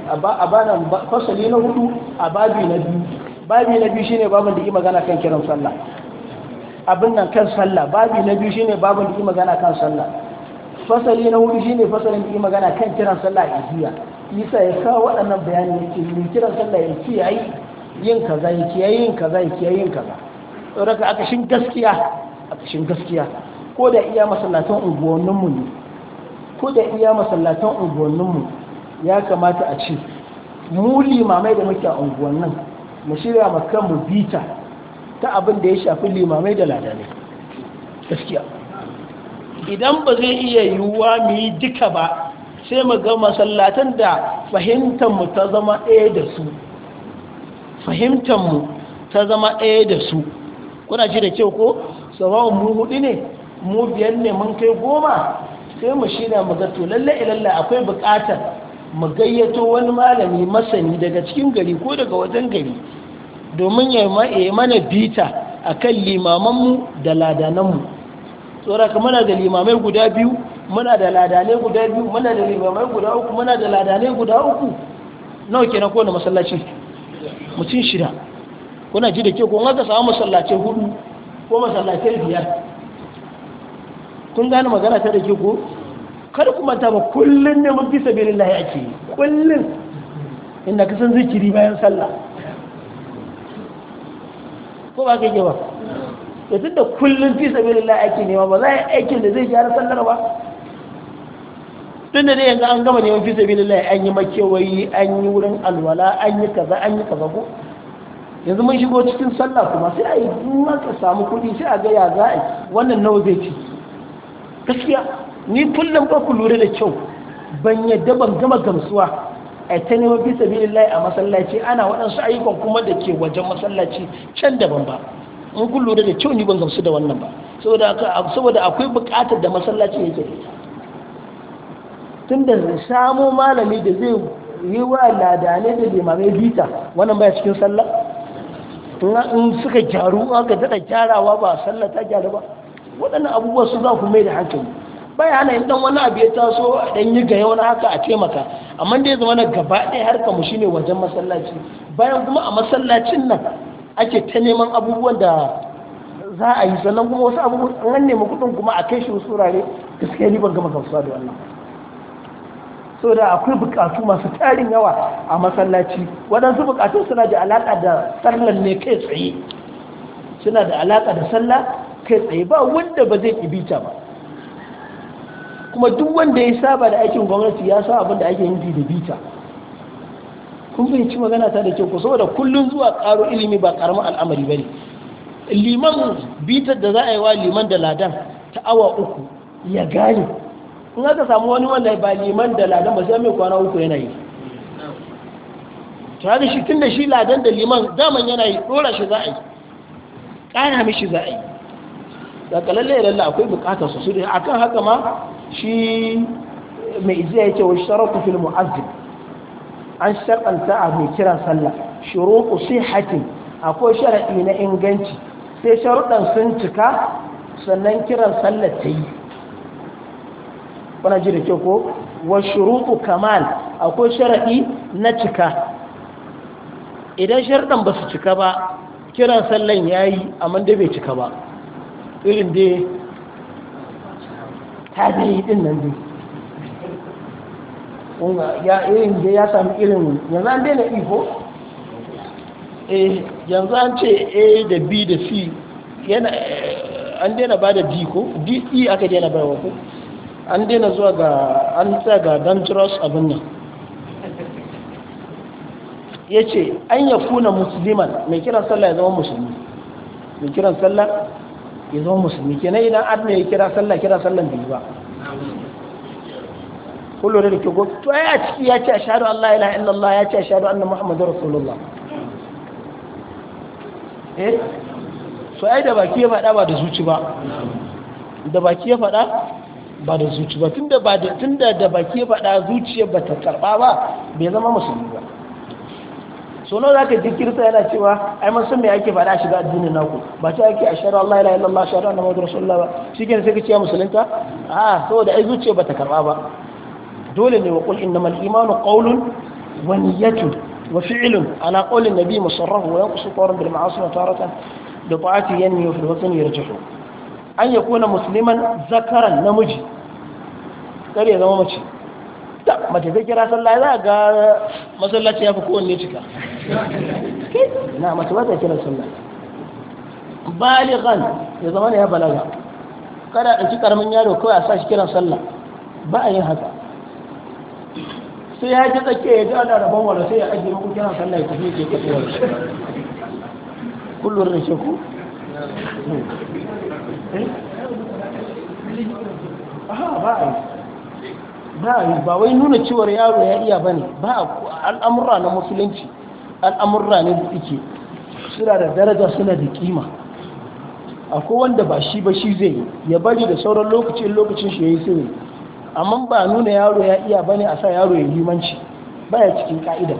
Speaker 1: a bana fasali na hudu a babi na biyu babi na biyu shine babin da yi magana kan kiran sallah abin nan kan sallah babi na biyu shine babin da yi magana kan sallah fasali na hudu shine fasalin da yi magana kan kiran sallah a jiya isa ya kawo waɗannan bayani ce mai kiran sallah ya ce ai yin kaza ya ce yin kaza ya ce yin kaza saboda aka shin gaskiya aka shin gaskiya ko da iya masallatan unguwanninmu ne ko da iya masallatan unguwanninmu ya kamata a ce mu limamai da muke a unguwannin mu shirya makan mu bita ta abin da ya shafi limamai da ladane gaskiya idan ba zai iya yiwuwa mu yi duka ba sai mu ga masallatan da fahimtar mu ta zama ɗaya da su fahimtar mu ta zama ɗaya da su kuna ji da kyau ko sabawun mu hudu ne mu biyan ne mun kai goma sai mu shirya mu ga to lalle ilalla akwai buƙatar mu gayyato wani malami masani daga cikin gari ko daga wajen gari domin ya yi mana bita a kan limamanmu da ladananmu tsoraka muna da limamai guda biyu muna da ladanai guda biyu muna da limamai guda uku muna da ladanai guda uku nawa ke na kowane masallaci mutum shida kuna ji da ke kun ka samu masallacin hudu ko masallacin biyar kun gane magana ta da ke ko kada kuma manta ba kullun ne mun fi sabilillahi ake kullun inda ka san zikiri bayan sallah ko ba ka kake ba da tunda kullun fi sabilillahi ake nema ba za a yi aikin da zai gyara sallar ba tunda dai yanzu an gama neman fi sabilillahi an yi makewayi an yi wurin alwala an yi kaza an yi kaza ko yanzu mun shigo cikin sallah kuma sai a yi in ka samu kuɗi sai a ga ya za a yi wannan nawa zai ci gaskiya ni kullum ba ku lura da kyau ban yadda ban gama gamsuwa a ta nema fi sabilillahi a masallaci ana waɗansu ayyukan kuma da ke wajen masallaci can daban ba in kun lura da kyau ni ban gamsu da wannan ba saboda akwai buƙatar da masallaci yake da tun da samo malami da zai yi wa ladane da limamai bita wannan baya cikin sallah in suka gyaru aka daɗa gyarawa ba sallah ta gyaru ba waɗannan abubuwa su za ku mai da hankali baya hana yin dan wani abu ya taso dan yi ga wani haka a taimaka amma dai zama na gaba ɗaya harkar mu shine wajen masallaci bayan kuma a masallacin nan ake ta neman abubuwan da za a yi sannan kuma wasu abubuwan an nemi kuɗin kuma a kai shi wasu wurare gaskiya ni ban gama gamsuwa da wannan so da akwai bukatu masu tarin yawa a masallaci wadansu bukatu suna da alaƙa da sallar ne kai tsaye suna da alaƙa da sallah kai tsaye ba wanda ba zai kibita ba kuma duk wanda ya saba da aikin gwamnati ya sa abin da ake nufi da bita kun fahimci magana ta da kyau ku saboda kullun zuwa karo ilimi ba karamin al'amari ba ne liman bitar da za a yi wa liman da ladan ta awa uku ya gane in aka samu wani wanda ba liman da ladan ba sai mai kwana uku yana yi ta da shi tun da shi ladan da liman zaman yana yi dora shi za a yi kana mishi za a yi da kalalle lalla akwai bukatar su su da akan haka ma shi mai iziya yake wa sharatu fil mu'azzib an sharɗanta a mai kiran sallah shuruqu sihhatin akwai sharaɗi na inganci sai sharudan sun cika sannan kiran sallah ta yi kuna ji da kyau ko wa shuruqu kamal akwai sharaɗi na cika idan sharɗan ba su cika ba kiran sallan ya yi amma da bai cika ba irin dai tabi'i din nan dai ya irin da ya sami irin yanzu an daina iko eh yanzu an ce a da b da c yana eh, an daina ba da d ko d e aka daina bayarwa ko an daina zuwa ga an sa ga dangerous abin nan ya ce an ya kuna musulman mai kiran sallah ya zama musulmi mai kiran sallah ya zama musulmi kenan idan adna ya kira sallah kira sallan bai ba kullum da ke gobe to ya ciki ya ce ashhadu Allah la ilaha illallah ya ce ashhadu anna muhammadar rasulullah eh so ai da baki ya faɗa ba da zuci ba da baki ya faɗa ba da zuci ba tunda da tunda da baki ya faɗa zuciya ba ta karɓa ba bai zama musulmi ba so nawa zaka ji kirista yana cewa ai mun san me ake faɗa shiga addinin naku ba ta ake ashhadu an Allah ilaha illallah ashhadu anna muhammadar rasulullah ba Shi shikenan sai ka ce musulunta a saboda ai zuciya bata karba ba dole ne wa qul innamal imanu qawlun wa niyyatun wa fi'lun ala qawlin nabi musarraf wa yanqusu qawlan bil ma'asi wa taratan bi ta'ati yanmi wa fil watani yarjihu an yakuna musliman zakaran namiji kare zama mace mace ta kira sallah za ga masallaci ya fi kowanne cika na mace ba ta kira sallah baligan ya zama ya balaga kada ci ƙaramin yaro kawai a sa shi kiran sallah ba a yin haka sai ya ji tsakiya ya ji ana rabon wala sai ya ajiye muku kiran sallah ya tafi ke kasu wala kullum rashe ku
Speaker 2: eh? ba a yi
Speaker 1: ba ba wai nuna cewar yaro ya iya ba ne, ba al'amurra na musulunci al'amurra ne da suke suna da daraja suna da kima akwai wanda ba shi ba shi zai ya bari da sauran lokacin lokacin shi ya yi sirri amma ba nuna yaro ya iya ba ne a sa yaro ya yi manci ba ya cikin ka'ida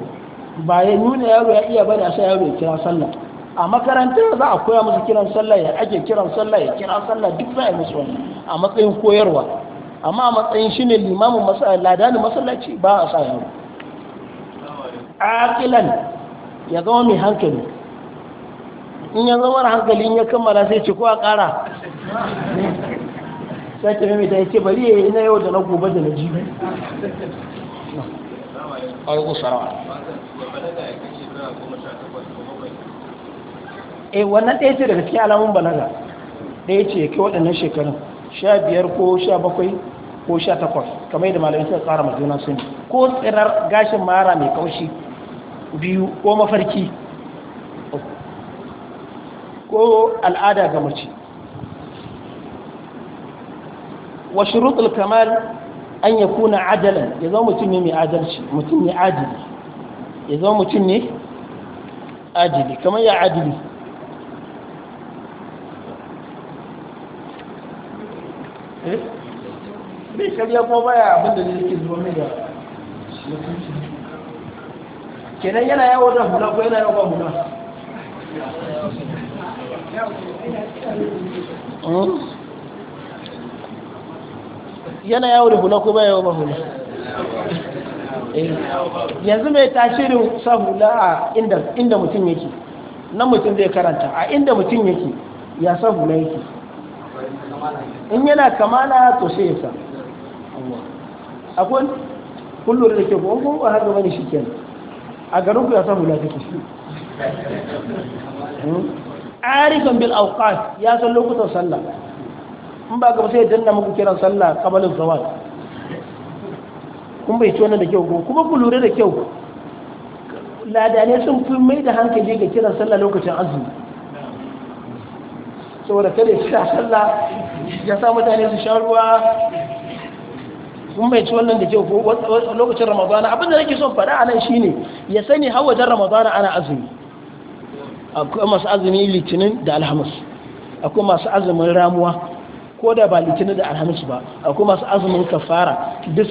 Speaker 1: ba ya nuna yaro ya iya ba ne a sa yaro ya kira sallah a makarantar za a koya musu kiran sallah ya ake kiran sallah ya kira sallah duk za a yi musu wani a matsayin koyarwa amma a matsayin shi ne limamin ladanin masallaci ba a sa yaro akilan ya zama mai hankali in ya zama da hankali in ya kammala sai ce kowa a kara sai ta mimita ya ce bari ya yi na yau da na gobe da na ji e eh, wannan ɗaya ce daga cikin alamun balaga ɗaya ce ya kai waɗannan shekarun sha biyar ko sha bakwai ko sha takwas kamar yadda malamai suka tsara ma juna sani ko tsirar gashin mara mai kaushi biyu ko mafarki ko al'ada ga mace wa shuruɗul kamal an ya kuna adalan ya zama mutum ne mai adalci mutum ne adili ya zama mutum ne adili kamar ya adili eh kuma da yana yawo da hula ko yana yawo ba hula eh? yana yawo da
Speaker 2: eh. yanzu mai tashirin
Speaker 1: sa hula a inda mutum yake nan mutum zai karanta a inda mutum yake ya sa hula yake in yana kamala to sai ya sa akwai kullu da ke ko ko a haka shi shikenan a garin ku ya samu lafiya shi hmm? arifan bil awqat ya san lokutan sallah in ba ga sai danna muku kiran sallah kamalin zawal kun bai ci wannan da kyau kuma ku lura da kyau ladane sun fi mai da hankali ga kiran sallah lokacin azumi saboda kada shi sallah ya sa mutane su sha ruwa kun mai ci wannan da ke lokacin ramadana abinda nake son fada a nan shi ne ya sani har wajen ramadana ana azumi akwai masu azumi litinin da alhamis akwai masu azumin ramuwa ko da ba litinin da alhamis ba akwai masu azumin kafara duk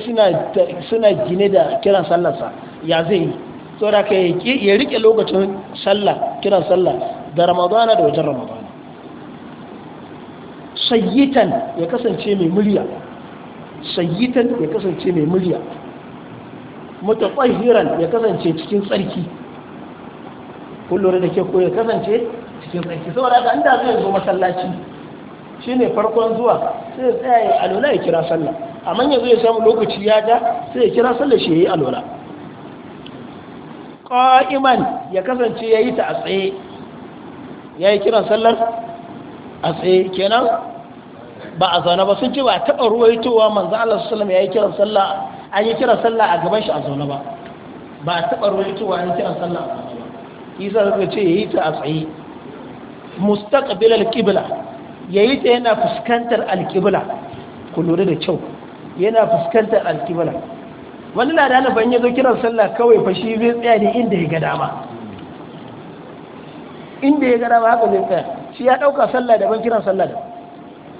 Speaker 1: suna gine da kiran sallarsa ya zai yi tsoraka ya rike lokacin sallar kiran sallah da ramadana da wajen ramadana sayyitan ya kasance mai murya sayyitan ya kasance mai murya mutatsahiran ya kasance cikin tsarki kullum da ke ko ya kasance cikin tsarki saboda ga inda zai zo masallaci shine farkon zuwa sai ya tsaya ya alola ya kira sallah amma yanzu ya samu lokaci ya ja sai ya kira sallah shi ya yi qa'iman ya kasance ya yi ta a tsaye ya yi kiran sallar a tsaye kenan ba a zaune ba sun ce ba taɓa ruwaitowa manzo Allah sallallahu alaihi wasallam sallah an yi kiran sallah a gaban shi a zaune ba ba a taɓa ruwaitowa an yi kiran sallah a zaune ba isa zai ce yayi ta a tsaye mustaqbil al-qibla yayi ta yana fuskantar al-qibla ku lura da kyau yana fuskantar al-qibla wani ladana ban yazo kiran sallah kawai fa shi zai tsaya ne inda ya ga dama inda ya ga dama haka zai tsaya shi ya dauka sallah daban kiran sallah daban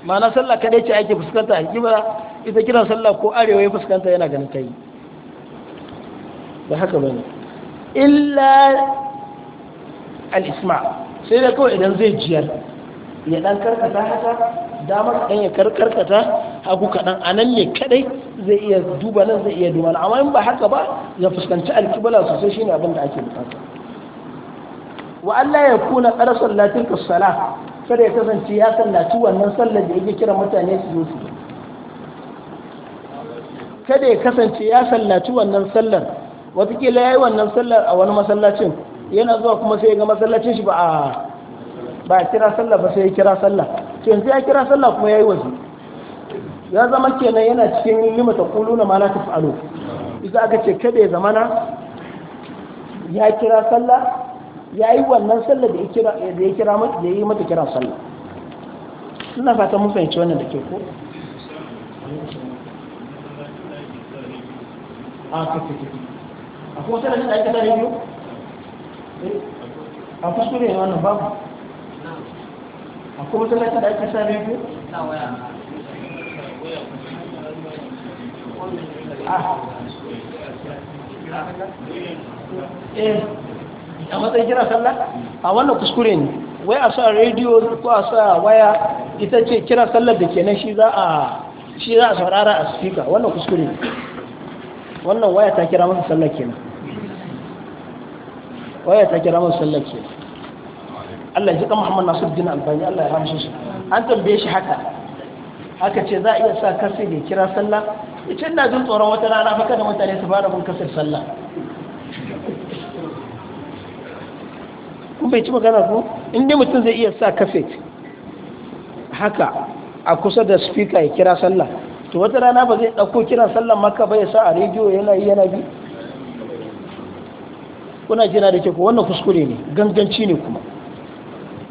Speaker 1: ma'ana sallah kaɗai ce ake fuskanta a kibla ita kiran sallah ko arewa ya fuskanta yana ganin ta yi da haka ne illa al'isma sai da kawai idan zai jiyar ya ɗan karkata haka damar dan ya karkata haku kaɗan a nan ne kaɗai zai iya duba nan zai iya duba amma in ba haka ba ya fuskanci alkibla sosai shine abin da ake bukata wa Allah ya kuna qara latin kasala kada ya kasance ya sallaci wannan sallar da yake kira mutane su zo su kada ya kasance ya sallaci wannan sallar watakila ya yi wannan sallar a wani masallacin yana zuwa kuma sai ya ga masallacin shi ba a ba a kira sallar, ba sai ya kira sallar. to yanzu ya kira sallar kuma ya yi wasu ya zama kenan yana cikin limata kuluna ma la taf'alu idan aka ce kada ya zamana ya kira sallar. ya yi wannan sallar da ya kira da ya yi mata kira sallar ina fata mun fahimci wannan da ke ko ah, eh, a kuma ta a ta a matsayin kira sallah a wannan kuskure ne wai a sa rediyo ko a sa waya ita ce kira sallar da kenan shi za a shi za a saurara a speaker wannan kuskure ne wannan waya ta kira masa sallar kenan waya ta kira masa sallar kenan Allah ya ji kan Muhammad Nasiruddin Albani Allah ya ramshe shi an tambaye shi haka haka ce za a iya sa kasai da kira sallah ita ina jin tsoron wata rana fa kada mutane su fara mun kasar sallah kun bai ci magana ko inda mutum zai iya sa kafet haka a kusa da speaker ya kira sallah to wata rana ba zai ɗauko kiran sallah maka ba ya sa a rediyo yana yi yana bi kuna jina da kyau wannan kuskure ne ganganci ne kuma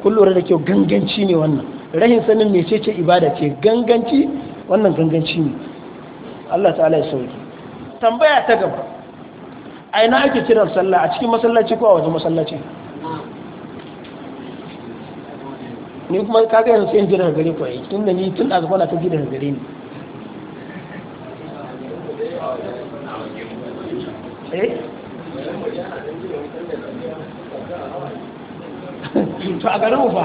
Speaker 1: kun da kyau ganganci ne wannan rahin sanin mecece ibada ce ganganci wannan ganganci ne Allah ta'ala ya sauki tambaya ta gaba a ina ake kiran sallah a cikin masallaci ko a wajen masallaci ni kuma ka ga yanzu sai in jira gare ku ai tunda ni tun da zuwa ta jira gare ni
Speaker 2: eh (laughs) to a garin ufa,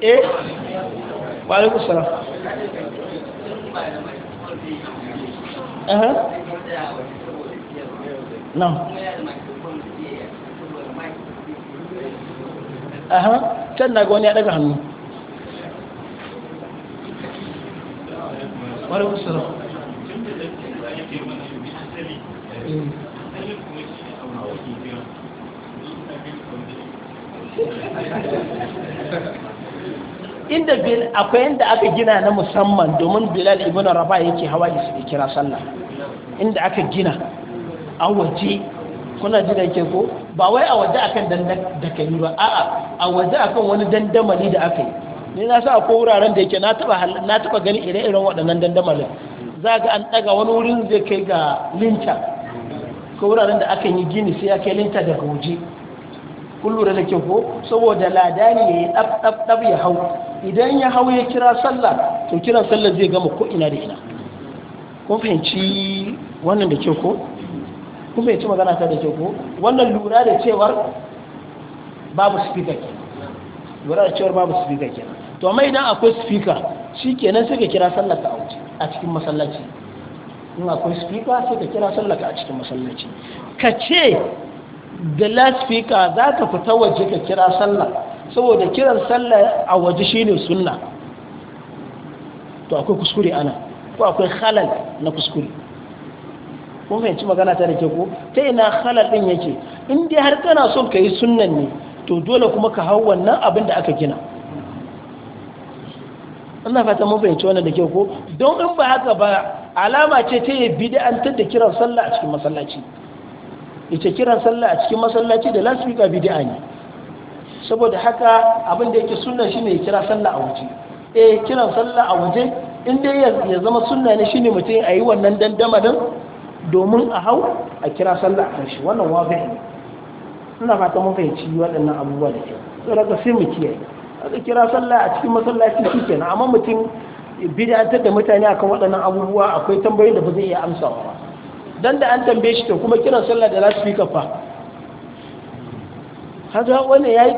Speaker 2: eh wa alaikum salam eh no
Speaker 1: aha can na goni ya daga hannu inda bil akwai yadda aka gina na musamman domin bilal ibn rabah yake hawa da su kira sallah inda aka gina a waje kuna ji da ko ba wai a waje akan dandan da ka ba a'a a waje akan wani dandamali da aka yi ne na sa ko wuraren da yake na taba na taba gani ire-iren waɗannan dandamali. za ga an daga wani wurin zai kai ga linta ko wuraren da aka yi gini sai ya kai linta daga waje kun lura da ke ko saboda ladani ya yi ɗab ya hau idan ya hau ya kira sallah to kiran sallah zai gama ko ina da ina kun fahimci wannan da ke ko kuma ya ci magana ta da ke ko wannan lura da cewar babu speaker ke lura da cewar babu speaker ke to mai idan akwai speaker kenan sai ka kira sallaka a cikin masallaci in akwai speaker sai ka kira sallaka a cikin masallaci ka ce da speaker za ka fita waje ka kira sallah saboda kiran sallah a waje shine sunna to akwai kuskure ana ko akwai halal na kuskure kun fahimci magana ta da ke ko ta ina halal ɗin yake in dai har kana son ka yi sunan ne to dole kuma ka hau wannan abin da aka gina ina fata mun fahimci wannan da ke ko don in ba haka ba alama ce ta yi bid'antar da kiran sallah a cikin masallaci ita kiran sallah a cikin masallaci da lasfika bid'a ne saboda haka abin da yake sunna shine ya kira sallah a waje eh kiran sallah a waje in dai ya zama sunna ne shine mutum ayi wannan dandamalin. domin a hau a kira sallah a kanshi wannan wazi ne ina fata mun fahimci waɗannan abubuwa da kyau sai daga sai mu kiyaye aka kira sallah a cikin masallaci na amma mutum bid'atar da mutane akan waɗannan abubuwa akwai tambayoyin da ba zai iya amsawa ba dan da an tambaye shi to kuma kiran sallah da za fa kaga
Speaker 3: wannan yayi